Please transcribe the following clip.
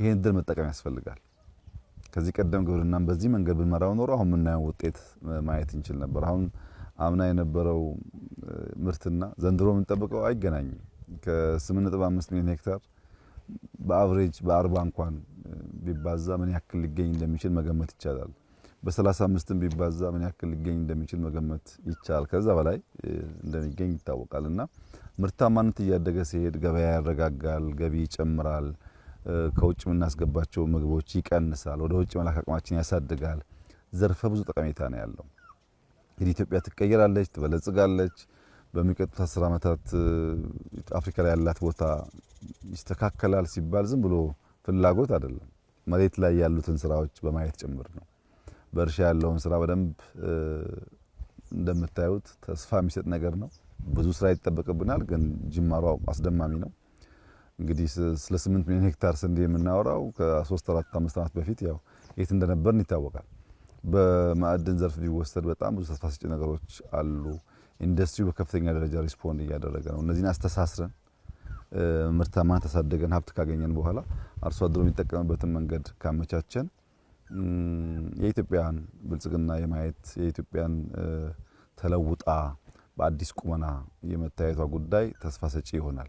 ይሄን እድል መጠቀም ያስፈልጋል። ከዚህ ቀደም ግብርናን በዚህ መንገድ ብንመራው ኖሮ አሁን የምናየው ውጤት ማየት እንችል ነበር። አሁን አምና የነበረው ምርትና ዘንድሮ የምንጠብቀው አይገናኝም። ከ8.5 ሚሊዮን ሄክታር በአቨሬጅ በ40 እንኳን ቢባዛ ምን ያክል ሊገኝ እንደሚችል መገመት ይቻላል። በ35 ቢባዛ ምን ያክል ሊገኝ እንደሚችል መገመት ይቻላል። ከዛ በላይ እንደሚገኝ ይታወቃል። እና ምርታማነት እያደገ ሲሄድ ገበያ ያረጋጋል፣ ገቢ ይጨምራል። ከውጭ የምናስገባቸው ምግቦች ይቀንሳል፣ ወደ ውጭ መላክ አቅማችን ያሳድጋል። ዘርፈ ብዙ ጠቀሜታ ነው ያለው። እንግዲህ ኢትዮጵያ ትቀየራለች፣ ትበለጽጋለች። በሚቀጡት አስር ዓመታት አፍሪካ ላይ ያላት ቦታ ይስተካከላል ሲባል ዝም ብሎ ፍላጎት አይደለም፣ መሬት ላይ ያሉትን ስራዎች በማየት ጭምር ነው። በእርሻ ያለውን ስራ በደንብ እንደምታዩት ተስፋ የሚሰጥ ነገር ነው። ብዙ ስራ ይጠበቅብናል፣ ግን ጅማሯ አስደማሚ ነው። እንግዲህ ስለ 8 ሚሊዮን ሄክታር ስንዴ የምናወራው ከሶስት አራት አምስት ዓመት በፊት ያው የት እንደነበርን ይታወቃል። በማዕድን ዘርፍ ቢወሰድ በጣም ብዙ ተስፋ ሰጪ ነገሮች አሉ። ኢንዱስትሪው በከፍተኛ ደረጃ ሪስፖንድ እያደረገ ነው። እነዚህን አስተሳስረን ምርታማ ተሳደገን ሀብት ካገኘን በኋላ አርሶ አድሮ የሚጠቀምበትን መንገድ ካመቻቸን የኢትዮጵያን ብልጽግና የማየት የኢትዮጵያን ተለውጣ በአዲስ ቁመና የመታየቷ ጉዳይ ተስፋ ሰጪ ይሆናል።